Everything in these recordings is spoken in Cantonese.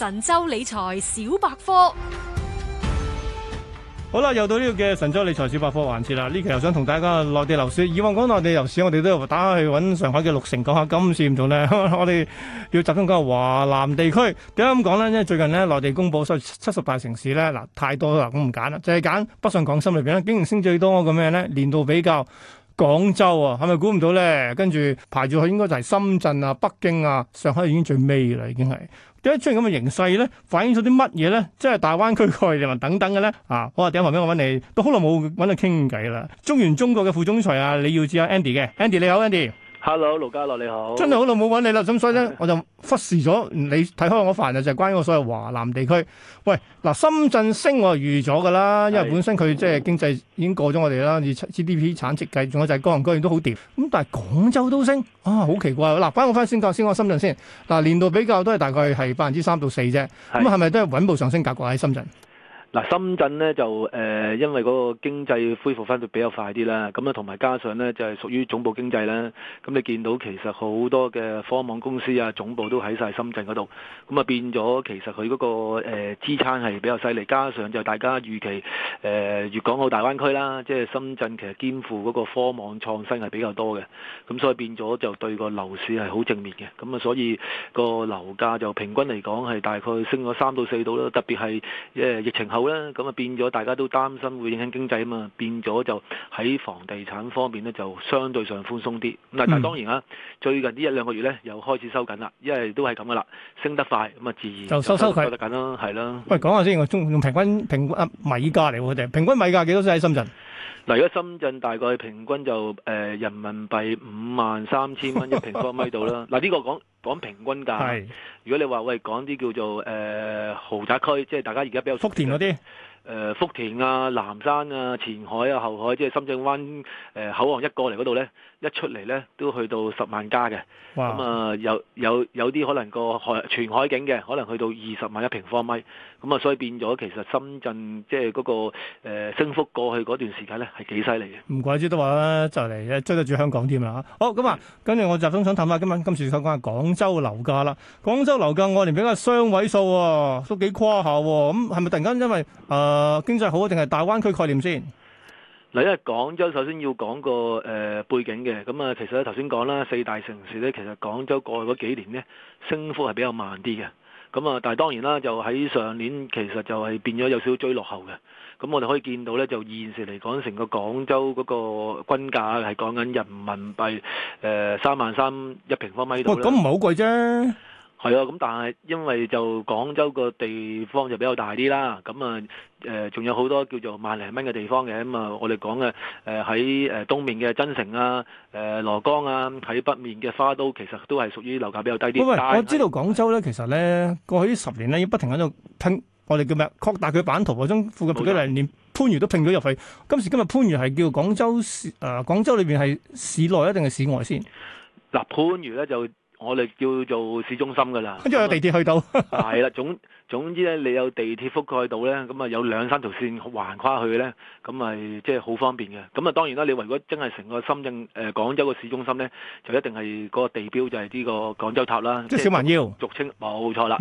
神州理財小百科，好啦，又到呢個嘅神州理財小百科環節啦。呢期又想同大家內地樓市，以往講內地樓市，我哋都打去揾上海嘅六成講下今次唔同咧。我哋要集中講下華南地區。點解咁講呢？因為最近呢內地公布七十大城市咧，嗱太多啦，咁唔揀啦，就係、是、揀北上廣深裏邊啦，竟然升最多咁咩呢？年度比較，廣州啊，係咪估唔到咧？跟住排住去，應該就係深圳啊、北京啊、上海已經最尾啦，已經係。一出現咁嘅形勢咧，反映咗啲乜嘢咧？即係大灣區概念等等嘅咧，啊！好我話頂埋俾我揾你，都好耐冇揾你傾偈啦。中原中國嘅副總裁啊，李耀智啊，Andy 嘅，Andy 你好，Andy。hello，盧家樂你好，真係好耐冇揾你啦，咁所以咧， 我就忽視咗你睇開我煩嘅就係、是、關於我所謂華南地區。喂，嗱，深圳升我預咗噶啦，因為本身佢即係經濟已經過咗我哋啦，以 GDP 產值計，仲有就係各行各業都好掂。咁但係廣州都升，啊，好奇怪！嗱、啊，翻我翻先講先講深圳先，嗱、啊，年度比較都係大概係百分之三到四啫。咁係咪都係穩步上升格局喺深圳？嗱，深圳呢，就誒、呃，因為嗰個經濟恢復翻到比較快啲啦，咁咧同埋加上呢，就係、是、屬於總部經濟啦，咁你見到其實好多嘅科網公司啊，總部都喺晒深圳嗰度，咁啊變咗其實佢嗰、那個誒、呃、支撐係比較犀利，加上就大家預期誒粵、呃、港澳大灣區啦，即係深圳其實肩負嗰個科網創新係比較多嘅，咁所以變咗就對個樓市係好正面嘅，咁啊所以個樓價就平均嚟講係大概升咗三到四度啦，特別係疫情後。好咧，咁啊變咗，大家都擔心會影響經濟啊嘛，變咗就喺房地產方面咧就相對上寬鬆啲。嗱，但係當然啦、啊，最近呢一兩個月咧又開始收緊啦，因為都係咁噶啦，升得快，咁啊自然就收就收，收，收得緊啦，係咯。喂，講下先，我用用平均平均，啊，米價嚟喎，我哋平均米價幾多先喺深圳？嗱，如果深圳大概平均就誒、呃、人民幣五萬三千蚊一平方米度啦。嗱， 呢個講講平均價，是如果你話喂，講啲叫做誒、呃、豪宅區，即係大家而家比較熟福田嗰啲。誒福田啊、南山啊、前海啊、後海，即係深圳灣誒口岸一過嚟嗰度咧，一出嚟咧都去到十萬加嘅。咁啊，有有有啲可能個海全海景嘅，可能去到二十萬一平方米。咁啊，所以變咗其實深圳即係嗰個誒升幅過去嗰段時間咧，係幾犀利嘅。唔怪之得話咧，就嚟追得住香港添啦。好，咁啊，跟住我就想想探下今晚今次想講下廣州樓價啦。廣州樓價我哋比較雙位數喎，都幾誇下喎。咁係咪突然間因為啊？誒，經濟好定係大灣區概念先？嗱，因為廣州首先要講個誒背景嘅，咁啊，其實咧頭先講啦，四大城市呢，其實廣州過去嗰幾年呢，升幅係比較慢啲嘅，咁啊，但係當然啦，就喺上年其實就係變咗有少少追落後嘅，咁我哋可以見到呢，就現時嚟講，成個廣州嗰個均價係講緊人民幣誒三萬三一平方米度，咁唔係好貴啫。係啊，咁但係因為就廣州個地方就比較大啲啦，咁啊誒仲有好多叫做萬零蚊嘅地方嘅，咁、嗯、啊我哋講嘅誒喺誒東面嘅增城啊，誒蘿崗啊，喺北面嘅花都，其實都係屬於樓價比較低啲。喂，是我知道廣州咧，其實咧的過去十年咧，要不停喺度拼，我哋叫咩擴大佢版圖，我將附近譬如連番禺都拼咗入去。今時今日番禺係叫廣州市誒，廣、呃、州裏邊係市內一定係市外先。嗱，番禺咧就。我哋叫做市中心噶啦，跟住有地鐵去到，係啦、嗯， 總總之咧，你有地鐵覆蓋到咧，咁啊有兩三條線橫跨去咧，咁咪即係好方便嘅。咁啊當然啦，你如果真係成個深圳誒、呃、廣州嘅市中心咧，就一定係嗰個地標就係呢個廣州塔啦，即係小蠻腰，俗稱冇錯啦。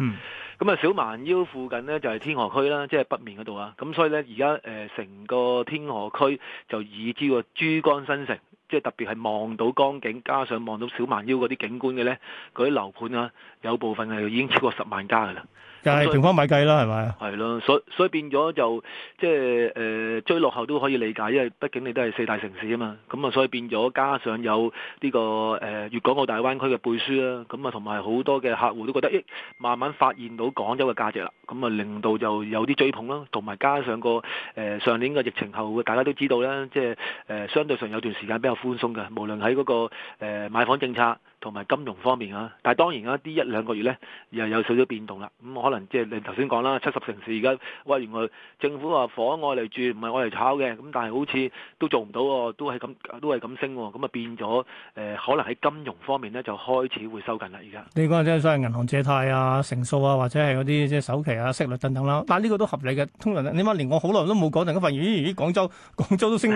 咁啊、嗯、小蠻腰附近咧就係、是、天河區啦，即、就、係、是、北面嗰度啊。咁所以咧而家成個天河區就以知個珠江新城。即係特別係望到江景，加上望到小蠻腰嗰啲景觀嘅呢，佢啲樓盤啊，有部分係已經超過十萬加嘅啦。就係平方米計啦，係咪？係咯、嗯，所以所以變咗就即係、就是呃、追落後都可以理解，因為畢竟你都係四大城市啊嘛。咁啊，所以變咗加上有呢、這個誒、呃、粵港澳大灣區嘅背書啦，咁啊同埋好多嘅客戶都覺得，咦、欸，慢慢發現到廣州嘅價值啦，咁啊令到就有啲追捧啦。同埋加上個、呃、上年嘅疫情後，大家都知道啦，即、就、係、是呃、相對上有段時間比較寬鬆嘅，無論喺嗰個誒、呃、買房政策。同埋金融方面啊，但係當然啊，啲一兩個月咧又有少少變動啦。咁可能即係你頭先講啦，七十城市而家哇，原來政府話房我嚟住，唔係我嚟炒嘅。咁但係好似都做唔到喎，都係咁，都係咁升喎。咁啊變咗誒，可能喺金融方面咧就開始會收緊啦。而家你講即係所謂銀行借貸啊、成數啊，或者係嗰啲即係首期啊、息率等等啦。但係呢個都合理嘅，通常你話連我好耐都冇講定發現，咦咦，廣州廣州都升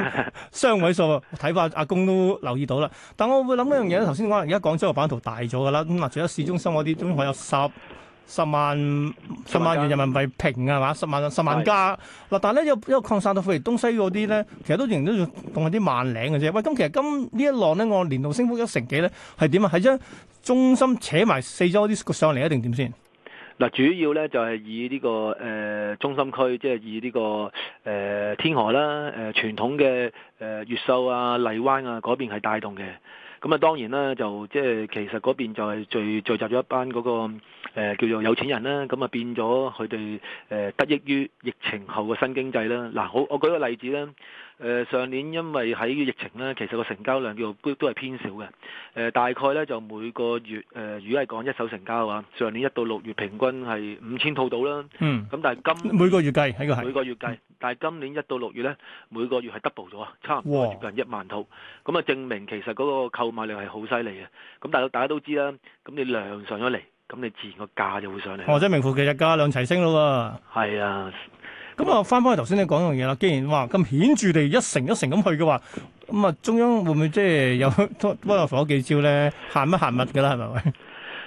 雙位數，睇法阿公都留意到啦。但我會諗一樣嘢咧，頭先講而家講。廣州個版圖大咗噶啦，咁啊，除咗市中心嗰啲，總共有十、嗯、十萬十萬元人民幣平啊嘛，十萬十萬加。嗱的，但係咧，因為因為擴散到富士東西嗰啲咧，嗯、其實都仍然都仲係啲萬零嘅啫。喂，咁其實今呢一浪咧，按年度升幅一成幾咧，係點啊？係將中心扯埋四周啲上嚟一定點先？嗱，主要咧就係以呢、這個誒、呃、中心區，即、就、係、是、以呢、這個誒、呃、天河啦、誒、呃、傳統嘅誒、呃、越秀啊、呃、荔灣啊嗰邊係帶動嘅。咁啊，當然啦，就即係其實嗰邊就係聚聚集咗一班嗰、嗰個、呃、叫做有錢人啦，咁啊變咗佢哋誒得益於疫情後嘅新經濟啦。嗱、啊，好，我舉個例子啦。誒上年因為喺疫情咧，其實個成交量叫都都係偏少嘅。誒大概咧就每個月誒，如果係講一手成交嘅話，上年一到六月平均係五千套到啦。嗯。咁但係今每個月計，呢個係每個月計，但係今年一到六月咧，每個月係 double 咗啊，差唔多接近一萬套。咁啊，證明其實嗰個購買量係好犀利嘅。咁但係大家都知啦，咁你量上咗嚟，咁你自然個價就會上嚟。或者名副其實價量齊升咯喎。係啊。咁啊，翻翻去頭先你講嘅嘢啦。既然哇咁顯著地一成一成咁去嘅話，咁啊中央會唔會即係有多多有放多幾招咧？限乜限物嘅啦，係咪？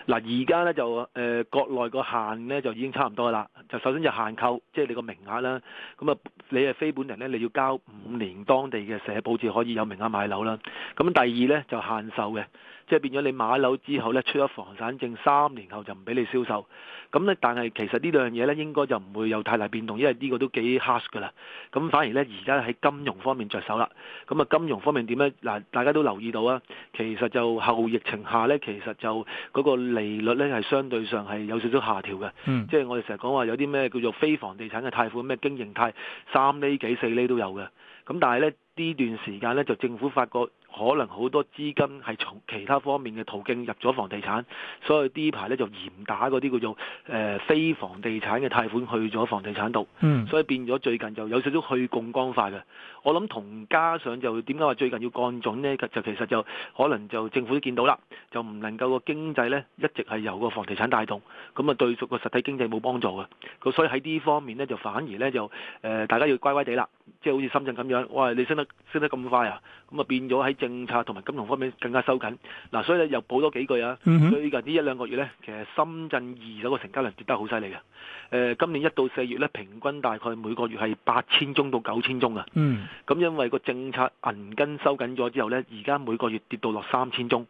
嗱，而家咧就誒國內個限咧就已經差唔多啦。就首先就限購，即係你個名額啦。咁啊，你係非本人咧，你要交五年當地嘅社保至可以有名額買樓啦。咁第二咧就限售嘅。即係變咗你買樓之後咧，出咗房產證三年後就唔俾你銷售。咁咧，但係其實這兩件事呢兩樣嘢咧，應該就唔會有太大變動，因為呢個都幾 hard 噶啦。咁反而咧，而家喺金融方面着手啦。咁啊，金融方面點咧？嗱，大家都留意到啊，其實就後疫情下咧，其實就嗰個利率咧係相對上係有少少下調嘅。嗯。即係我哋成日講話有啲咩叫做非房地產嘅貸款，咩經營貸三厘幾四厘都有嘅。咁但係咧，呢段時間咧就政府發覺。可能好多資金係從其他方面嘅途徑入咗房地產，所以呢排呢就嚴打嗰啲叫做誒非房地產嘅貸款去咗房地產度，所以變咗最近就有少少去槓桿化嘅。我諗同加上就點解話最近要降準呢？就其實就可能就政府都見到啦，就唔能夠個經濟呢一直係由個房地產帶動，咁啊對個實體經濟冇幫助嘅。咁所以喺呢方面呢，就反而呢就誒、呃、大家要乖乖哋啦，即係好似深圳咁樣，喂，你升得升得咁快啊！咁啊變咗喺政策同埋金融方面更加收緊，嗱、啊、所以咧又補多幾句啊。Mm hmm. 最近呢一兩個月呢，其實深圳二手個成交量跌得好犀利嘅。今年一到四月呢，平均大概每個月係八千宗到九千宗啊。咁、mm hmm. 因為個政策銀根收緊咗之後呢，而家每個月跌到落三千宗。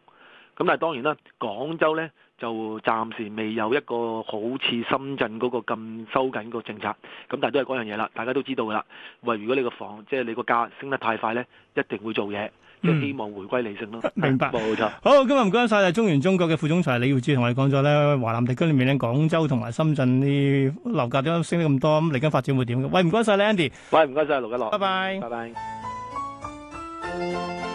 咁但係當然啦，廣州呢，就暫時未有一個好似深圳嗰個咁收緊個政策，咁但係都係嗰樣嘢啦。大家都知道㗎啦，喂，如果你個房即係你個價升得太快咧，一定會做嘢，即係希望回歸理性咯。明白，冇錯。好，今日唔該曬啊，中原中國嘅副總裁李耀智同我哋講咗咧，華南地區裏面咧，廣州同埋深圳啲樓價點解升得咁多？咁嚟緊發展會點？喂，唔該曬，Andy。喂，唔該曬，盧家樂。拜拜。拜拜。